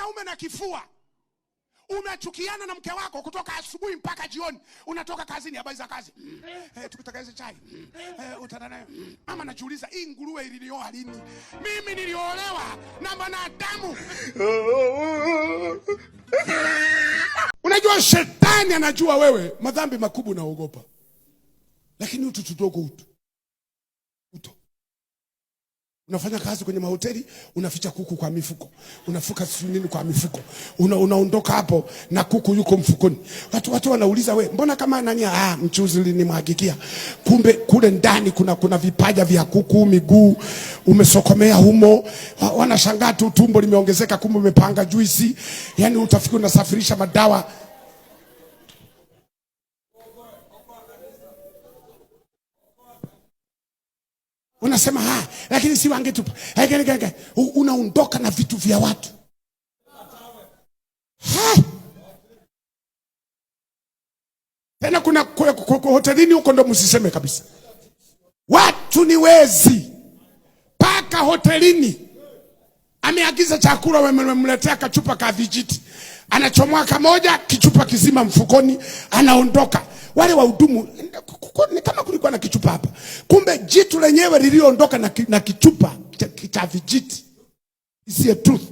mwanaume na kifua unachukiana na mke wako kutoka asubuhi mpaka jioni unatoka kazini habari za kazi mm. eh, tukutakaze chai mm. eh, utana naye mama najiuliza hii nguruwe ilinioa lini mimi niliolewa na mwanadamu unajua shetani anajua wewe madhambi makubwa unaogopa lakini utu tudogo utu Unafanya kazi kwenye mahoteli, unaficha kuku kwa mifuko, unafuka nini kwa mifuko, una, unaondoka hapo na kuku yuko mfukoni. Watu watu wanauliza we, mbona kama nani? Ah, mchuzi linimhakikia. Kumbe kule ndani kuna kuna vipaja vya kuku, miguu umesokomea humo. Wanashangaa tu, tumbo limeongezeka, kumbe umepanga juisi. Yani utafikiri unasafirisha madawa Unasema ha, ah, lakini si wangetupa. Unaondoka na vitu vya watu ha. Tena kuna hotelini huko ndo msiseme kabisa, watu ni wezi paka hotelini. Ameagiza chakula, wamemletea kachupa ka vijiti, anachomoa kamoja, kichupa kizima mfukoni, anaondoka wale wahudumu ni kama kulikuwa na kichupa hapa, kumbe jitu lenyewe liliondoka na, ki, na kichupa cha vijiti. Is a truth?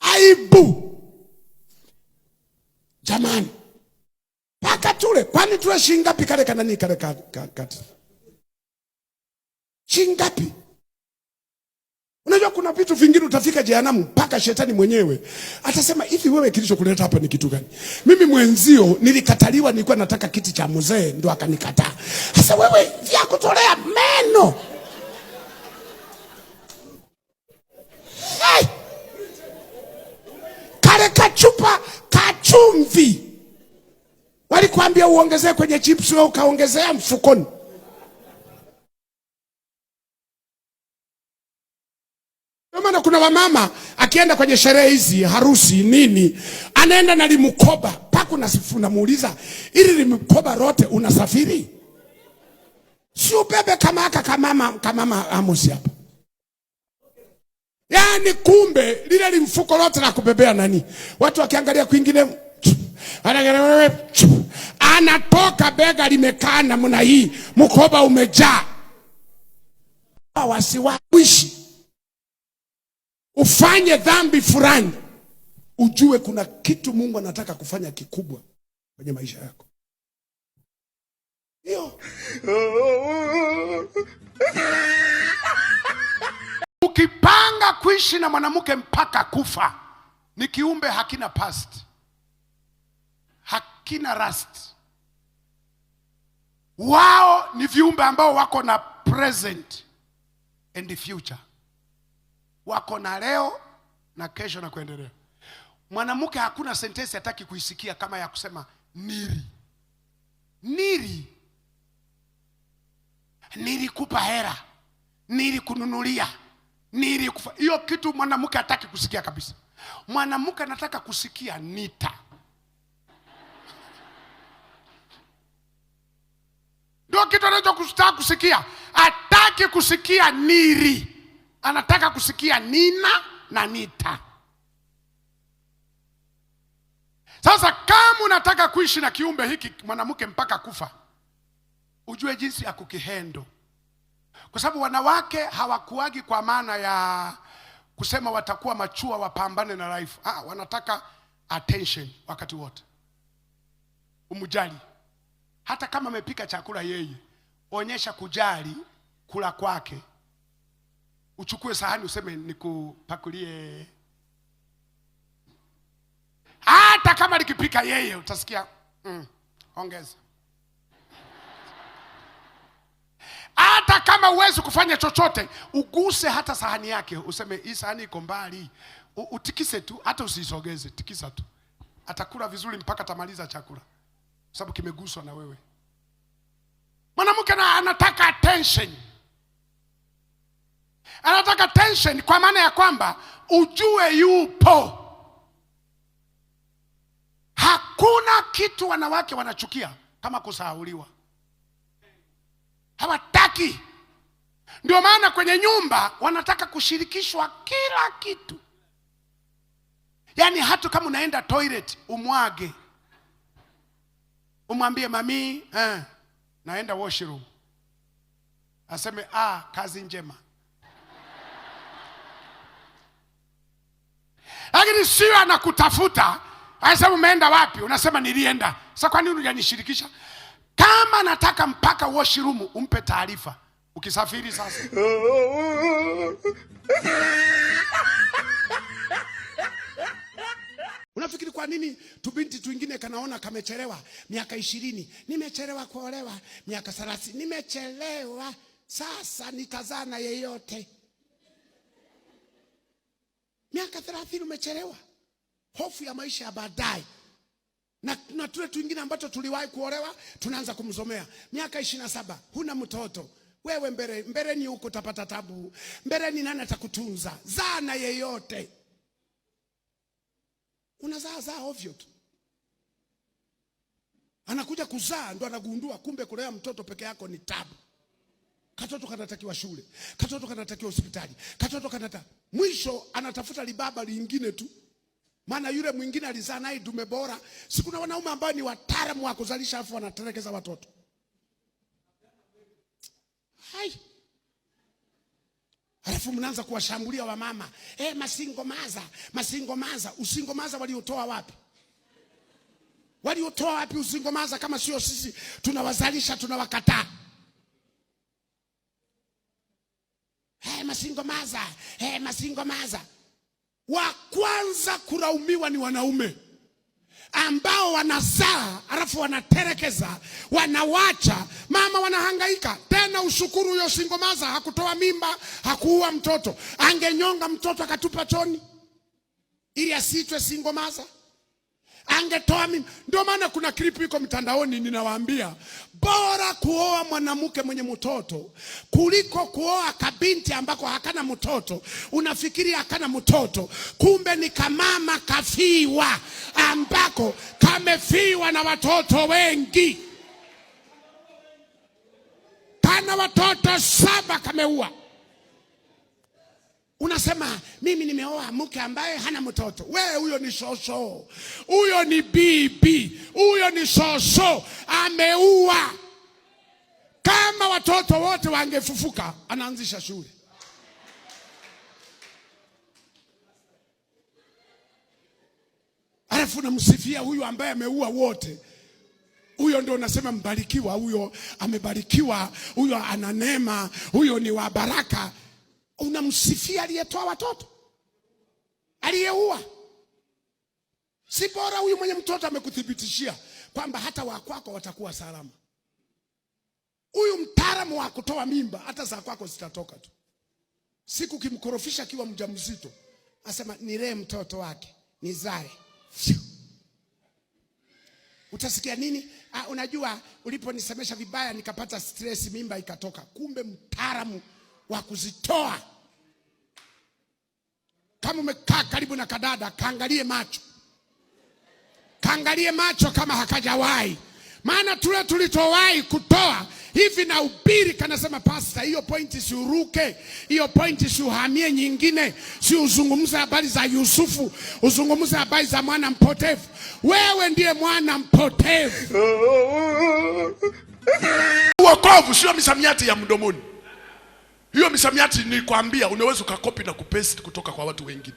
Aibu jamani, paka tule kwani tule shingapi kale kanani kale kati shingapi? Unajua kuna vitu vingine utafika jehanamu mpaka shetani mwenyewe atasema hivi, wewe kilichokuleta hapa ni kitu gani? Mimi mwenzio nilikataliwa, nilikuwa nataka kiti cha mzee ndo akanikataa. Sasa wewe vya kutolea meno hey! kale kachupa kachumvi walikwambia uongezee kwenye chips, wewe ukaongezea mfukoni. wamama akienda kwenye sherehe hizi, harusi nini, anaenda na limkoba paku na sifu, namuuliza ili limkoba lote unasafiri? Si ubebe kama haka kamama, kamama Amos hapa. Yaani kumbe lile limfuko lote la kubebea nani, watu wakiangalia kwingine anatoka bega limekaa namna hii, mkoba umejaa wasiwaishi ufanye dhambi fulani, ujue kuna kitu Mungu anataka kufanya kikubwa kwenye maisha yako. Hiyo ukipanga kuishi na mwanamke mpaka kufa, ni kiumbe hakina past, hakina rust. Wao ni viumbe ambao wako na present and future wako na leo na kesho na kuendelea. Mwanamke hakuna sentensi hataki kuisikia kama ya kusema niri niri nilikupa hera, nilikununulia, kufa. Hiyo kitu mwanamke hataki kusikia kabisa. Mwanamke anataka kusikia nita. Ndio kitu anachotaka kusikia, hataki kusikia niri anataka kusikia nina na nita. Sasa kama unataka kuishi na kiumbe hiki mwanamke mpaka kufa, ujue jinsi ya kukihendo, kwa sababu wanawake hawakuagi kwa maana ya kusema watakuwa machua wapambane na life. Ah, wanataka attention wakati wote, umujali hata kama amepika chakula yeye, onyesha kujali kula kwake uchukue sahani useme nikupakulie. Hata kama likipika yeye utasikia mm, ongeza. Hata kama uwezi kufanya chochote, uguse hata sahani yake, useme hii sahani iko mbali, utikise tu, hata usiisogeze, tikisa tu. Atakula vizuri mpaka tamaliza chakula, sababu kimeguswa na wewe. Mwanamke anataka attention anataka tension, kwa maana ya kwamba ujue yupo. Hakuna kitu wanawake wanachukia kama kusahauliwa, hawataki. Ndio maana kwenye nyumba wanataka kushirikishwa kila kitu, yaani hata kama unaenda toilet umwage, umwambie mamii, eh, naenda washroom, aseme ah, kazi njema. Lakini sio anakutafuta, anasema umeenda wapi? Unasema nilienda. Sasa kwa nini hujanishirikisha? Kama nataka mpaka washroom umpe taarifa ukisafiri. Sasa unafikiri kwa nini tubinti twingine kanaona kamechelewa miaka ishirini, nimechelewa kuolewa miaka thelathini, nimechelewa sasa nitazaa na yeyote Miaka 30 umechelewa. Hofu ya maisha ya baadaye. Na na tule tuingine ambacho tuliwahi kuolewa, tunaanza kumzomea. Miaka 27, huna mtoto. Wewe mbele mbele ni huko utapata tabu. Mbele ni nani atakutunza? Zaa na yeyote. Unazaa zaa ovyo tu. Anakuja kuzaa ndo anagundua kumbe kulea mtoto peke yako ni tabu. Katoto kanatakiwa shule, katoto kanatakiwa hospitali, katoto kanata mwisho anatafuta libaba lingine tu, maana yule mwingine alizaa naye dume bora. Si kuna wanaume ambao ni wataalamu wa kuzalisha afu wanatelekeza watoto. Hai. Alafu mnaanza kuwashambulia wamama, eh, maza, usingo maza waliotoa wapi? Waliotoa wapi maza? kama sio sisi tunawazalisha, tunawakataa. masingomaza eh, masingomaza. Wa kwanza kulaumiwa ni wanaume ambao wanazaa alafu wanaterekeza, wanawacha mama, wanahangaika tena. Ushukuru huyo singomaza hakutoa mimba, hakuua mtoto. Angenyonga mtoto akatupa choni ili asitwe singomaza angetoa mimi. Ndio maana kuna klipu iko mtandaoni, ninawaambia bora kuoa mwanamke mwenye mtoto kuliko kuoa kabinti ambako hakana mtoto. Unafikiri hakana mtoto, kumbe ni kamama kafiwa, ambako kamefiwa na watoto wengi, kana watoto saba kameua Unasema mimi nimeoa mke ambaye hana mtoto. we huyo ni soso, huyo ni bibi, huyo ni soso, ameua. Kama watoto wote wangefufuka, anaanzisha shule. Alafu namsifia huyu ambaye ameua wote. Huyo ndio unasema mbarikiwa, huyo amebarikiwa, huyo ana neema, huyo ni wa baraka unamsifia aliyetoa watoto aliyeua? Si bora huyu mwenye mtoto amekuthibitishia kwamba hata wakwako watakuwa salama. Huyu mtaalamu wa kutoa mimba, hata za kwako zitatoka tu. Siku kimkorofisha akiwa mjamzito, asema nilee mtoto wake nizae, utasikia nini? Ah, unajua uliponisemesha vibaya nikapata stress, mimba ikatoka. Kumbe mtaalamu wa kuzitoa kama umekaa karibu na kadada, kaangalie macho, kaangalie macho kama hakajawahi. Maana tule tulitowahi kutoa hivi na ubiri kanasema, pasta, hiyo pointi siuruke, hiyo pointi siuhamie nyingine, si uzungumze habari za Yusufu, uzungumze habari za mwana mpotevu. Wewe ndiye mwana mpotevu. Wokovu sio misamiati ya mdomoni. Hiyo misamiati nilikwambia, unaweza ukakopi na kupaste kutoka kwa watu wengine,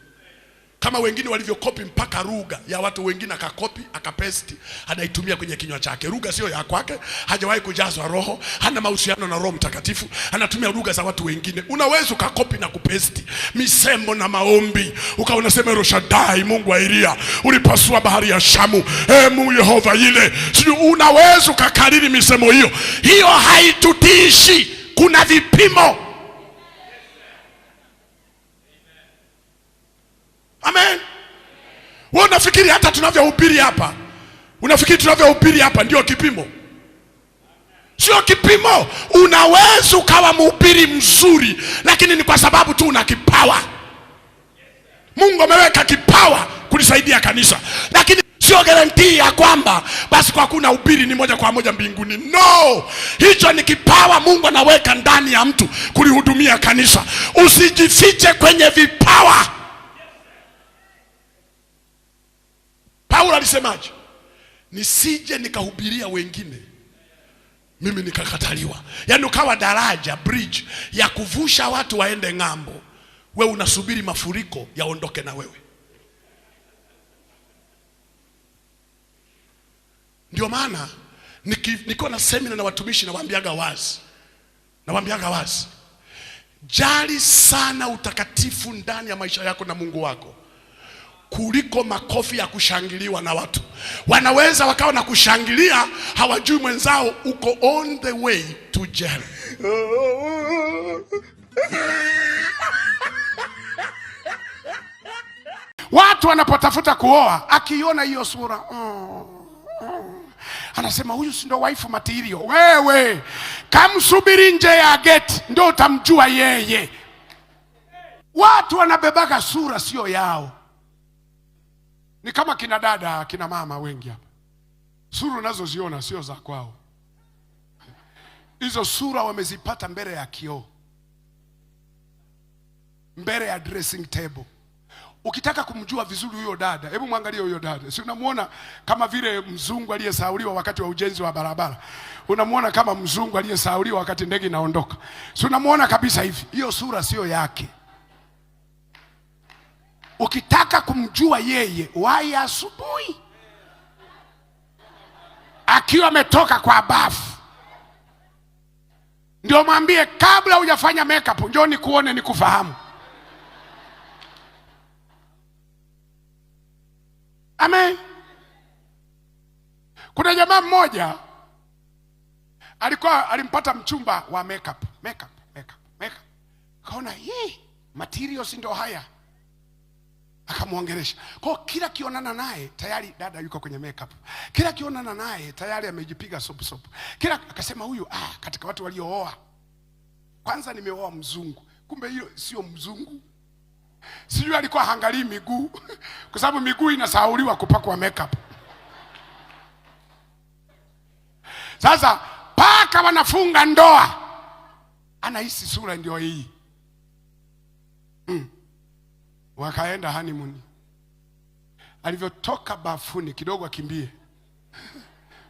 kama wengine walivyokopi mpaka rugha ya watu wengine, akakopi akapesti, anaitumia kwenye kinywa chake. rugha sio ya kwake, hajawahi kujazwa Roho, hana mahusiano na Roho Mtakatifu, anatumia lugha za watu wengine. Unaweza ukakopi na kupesti misemo na maombi, ukawa unasema Roshadai, Mungu wa Elia, ulipasua bahari ya Shamu, e Mungu Yehova ile sijui. Unaweza ukakariri misemo hiyo hiyo, haitutishi. Kuna vipimo Amen. Wewe unafikiri hata tunavyohubiri hapa, unafikiri tunavyohubiri hapa ndio kipimo? Sio kipimo. Unaweza ukawa mhubiri mzuri, lakini ni kwa sababu tu una kipawa. Mungu ameweka kipawa kulisaidia kanisa, lakini sio garantii ya kwamba basi kwa kuna ubiri ni moja kwa moja mbinguni. No, hicho ni kipawa Mungu anaweka ndani ya mtu kulihudumia kanisa. Usijifiche kwenye vipawa. Paulo alisemaje? Nisije nikahubiria wengine mimi nikakataliwa, yaani ukawa daraja bridge ya kuvusha watu waende ng'ambo, wewe unasubiri mafuriko yaondoke na wewe. Ndio maana nikiwa na semina na watumishi nawaambiaga wazi, nawaambiaga wazi, jali sana utakatifu ndani ya maisha yako na Mungu wako kuliko makofi ya kushangiliwa na watu. Wanaweza wakawa na kushangilia, hawajui mwenzao uko on the way to jail. Watu wanapotafuta kuoa, akiona hiyo sura oh, oh. anasema huyu si ndo waifu matirio. Wewe kamsubiri nje ya geti, ndo utamjua yeye. Watu wanabebaka sura sio yao. Ni kama kina dada kina mama wengi hapa, sura unazoziona sio za kwao hizo. Sura wamezipata mbele ya kioo, mbele ya dressing table. Ukitaka kumjua vizuri huyo dada, hebu mwangalie huyo dada, si unamwona kama vile mzungu aliyesahauliwa wakati wa ujenzi wa barabara? Unamwona kama mzungu aliyesahauliwa wakati ndege inaondoka, si unamwona kabisa hivi. Hiyo sura sio yake. Ukitaka kumjua yeye, wai asubuhi akiwa ametoka kwa bafu, ndio mwambie kabla hujafanya makeup, njoo nikuone, nikufahamu. Amen. Kuna jamaa mmoja alikuwa alimpata mchumba wa makeup, makeup, makeup, makeup. Kaona hii materials ndio haya akamwongelesha. Kwa kila kionana naye tayari dada yuko kwenye makeup, kila kionana naye tayari amejipiga sop sop. kila akasema huyu ah, katika watu waliooa kwanza nimeoa mzungu, kumbe hiyo sio mzungu, sijui alikuwa hangalii miguu kwa sababu miguu inasahauliwa kupakwa makeup. Sasa paka wanafunga ndoa, anahisi sura ndio hii mm wakaenda honeymoon. Alivyotoka bafuni kidogo akimbie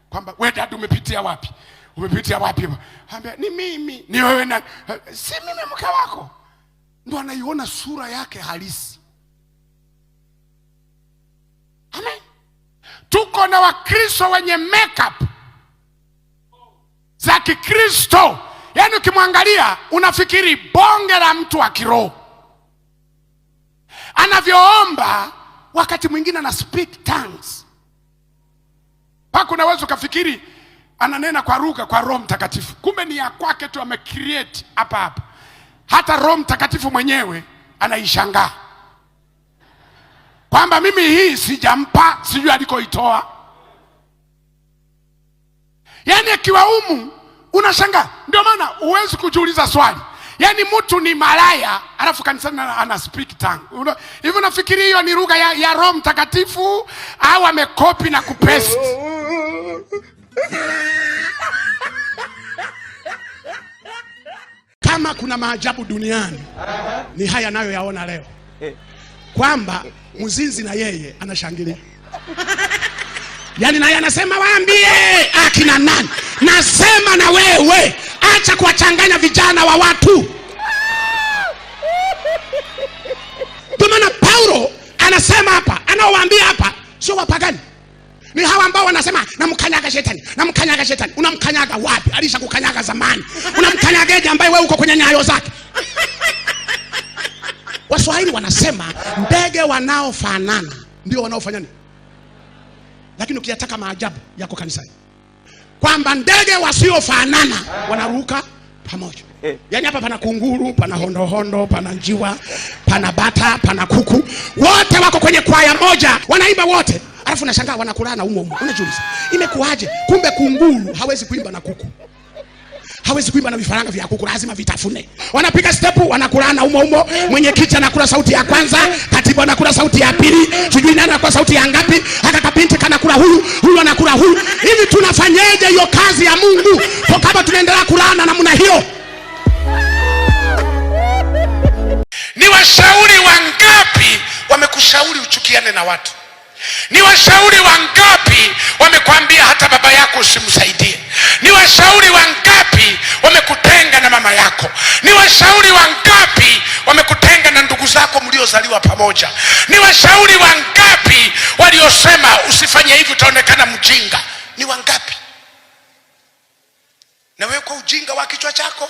kwamba we dad, umepitia wapi? Umepitia wapi? Ambia ni mimi. Ni wewe na Si mimi, mke wako. Ndo anaiona sura yake halisi. Amen. Tuko na Wakristo wenye makeup za Kikristo, yaani ukimwangalia unafikiri bonge la mtu wa kiroho anavyoomba, wakati mwingine ana speak tongues mpaka unaweza ukafikiri ananena kwa lugha kwa Roho Mtakatifu, kumbe ni ya kwake tu, amecreate hapa hapa. Hata Roho Mtakatifu mwenyewe anaishangaa kwamba mimi hii sijampa, sijui alikoitoa. Yaani akiwaumu unashangaa. Ndio maana huwezi kujiuliza swali yani mtu ni malaya alafu kanisani ana speak tongue hivi. Unafikiri hiyo ni lugha ya, ya Roho Mtakatifu au amekopi na kupesti? Kama kuna maajabu duniani ni haya nayoyaona leo, kwamba mzinzi na yeye anashangilia yani naye anasema waambie akina nani? Nasema na wewe, acha kuwachanganya vijana wa watu. tumana Paulo anasema hapa, anaowaambia hapa sio wapagani, ni hawa ambao wanasema namkanyaga shetani, namkanyaga shetani. Unamkanyaga wapi? kukanyaga zamani. Unamkanyagaje ambaye wewe uko kwenye nyayo zake? Waswahili wanasema ndege wanaofanana ndio wanaofanyani lakini ukiyataka maajabu yako kanisani, kwamba ndege wasiofanana wanaruka pamoja. Eh. Yaani hapa pana kunguru, pana hondohondo, pana njiwa, pana bata, pana kuku, wote wako kwenye kwaya moja, wanaimba wote, alafu nashangaa wanakulana umo umo. Unajiuliza imekuwaje? Kumbe kunguru hawezi kuimba na kuku hawezi kuimba na vifaranga vya kuku, lazima vitafune. Wanapiga stepu, wanakula na umo umo, mwenyekiti anakula sauti ya kwanza, katibu anakula sauti ya pili, sijui nani anakula sauti ya ngapi, haka kapinti kanakula huyu huyu, anakula huyu. Hivi tunafanyeje hiyo kazi ya Mungu kwa kama tunaendelea kulana namna hiyo? Ni washauri wangapi wamekushauri uchukiane na watu? Ni washauri wangapi wamekwambia hata baba yako usimsaidie? Ni washauri wangapi wamekutenga na mama yako? Ni washauri wangapi wamekutenga na ndugu zako mliozaliwa pamoja? Ni washauri wangapi waliosema usifanye hivi, utaonekana mjinga? Ni wangapi? Na wewe kwa ujinga wa kichwa chako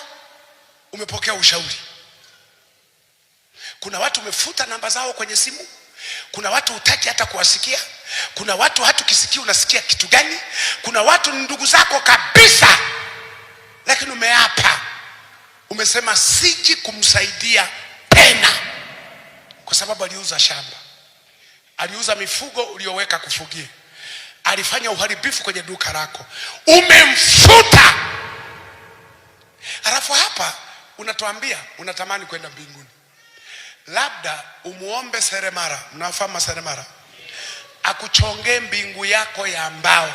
umepokea ushauri. Kuna watu umefuta namba zao kwenye simu kuna watu hutaki hata kuwasikia, kuna watu hata ukisikia unasikia kitu gani, kuna watu ni ndugu zako kabisa, lakini umeapa, umesema siji kumsaidia tena, kwa sababu aliuza shamba, aliuza mifugo ulioweka kufugia, alifanya uharibifu kwenye duka lako, umemfuta. Alafu hapa unatuambia unatamani kwenda mbinguni labda umuombe seremara. Mnafahamu seremara? Akuchongee mbingu yako ya mbao,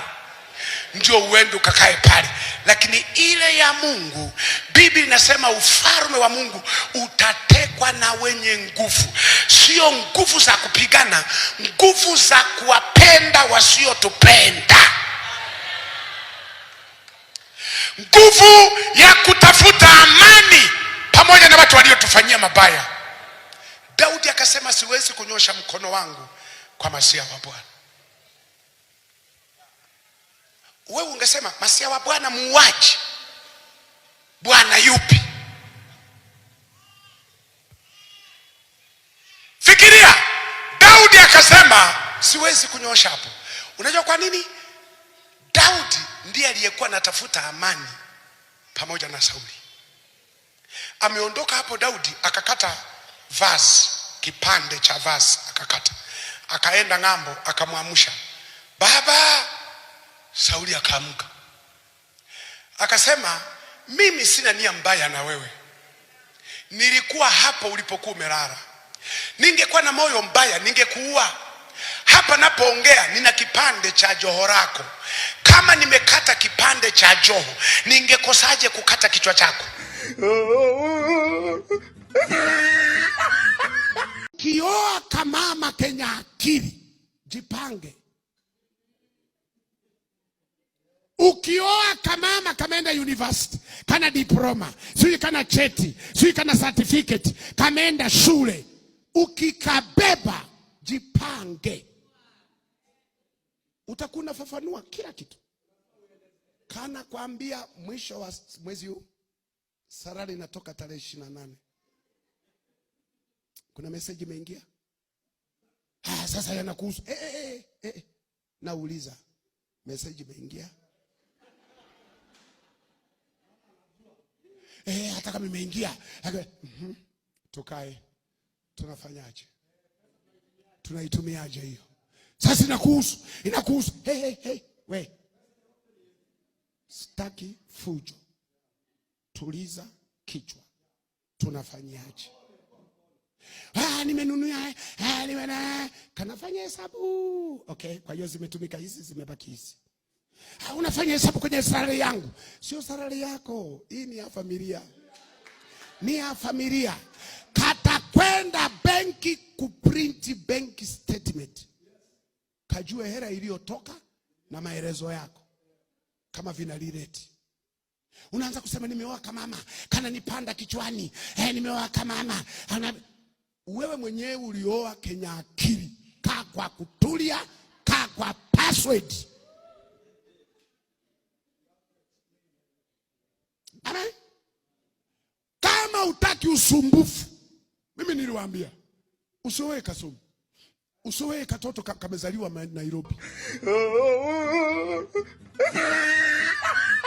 ndio uende ukakae pale. Lakini ile ya Mungu, Biblia inasema ufalme wa Mungu utatekwa na wenye nguvu, sio nguvu za kupigana, nguvu za kuwapenda wasiotupenda, nguvu ya kutafuta amani pamoja na watu waliotufanyia mabaya akasema siwezi kunyosha mkono wangu kwa masia wa Bwana. Wewe ungesema masia wa Bwana muuaji, Bwana yupi? Fikiria, Daudi akasema siwezi kunyosha hapo. Unajua kwa nini? Daudi ndiye aliyekuwa anatafuta amani pamoja na Sauli. Ameondoka hapo Daudi akakata vazi kipande cha vasi akakata, akaenda ng'ambo, akamwamsha baba. Sauli akaamka akasema, mimi sina nia mbaya na wewe, nilikuwa hapo ulipokuwa umelala. Ningekuwa na moyo mbaya ningekuua. Hapa napoongea nina kipande cha joho lako. Kama nimekata kipande cha joho, ningekosaje kukata kichwa chako? Ukioa kamama kenye akili jipange. Ukioa kamama kameenda university, kana diploma, sijui kana cheti, sijui kana certificate, kameenda shule, ukikabeba jipange, utakuwa unafafanua kila kitu. Kana kwambia mwisho wa mwezi huu sarari inatoka tarehe ishirini na nane. Kuna meseji imeingia. Ah, sasa yanakuhusu. Eh, eh, eh, eh, eh. Nauliza. Meseji imeingia? Eh, hata kama imeingia. -hmm. Tukae. Tunafanyaje? Tunaitumiaje hiyo? Sasa inakuhusu, inakuhusu. Hey, hey, hey. We. staki fujo. Tuliza kichwa. Tunafanyaje? ah, nimenunua ah, nimena kanafanya hesabu okay. Kwa hiyo zimetumika hizi, zimebaki hizi. Ah, unafanya hesabu kwenye salari yangu, sio salari yako. Hii ni ya familia, ni ya familia. Kata kwenda benki kuprint bank statement, kajue hela iliyotoka na maelezo yako kama vina vinalireti unaanza kusema nimewaka mama, kana nipanda kichwani eh, nimewaka mama Ana... Wewe mwenyewe ulioa Kenya akili, kaa kwa kutulia, kaa kwa password. Amen. Kama utaki usumbufu, mimi niliwaambia usioe kasumu, usioe katoto kamezaliwa Nairobi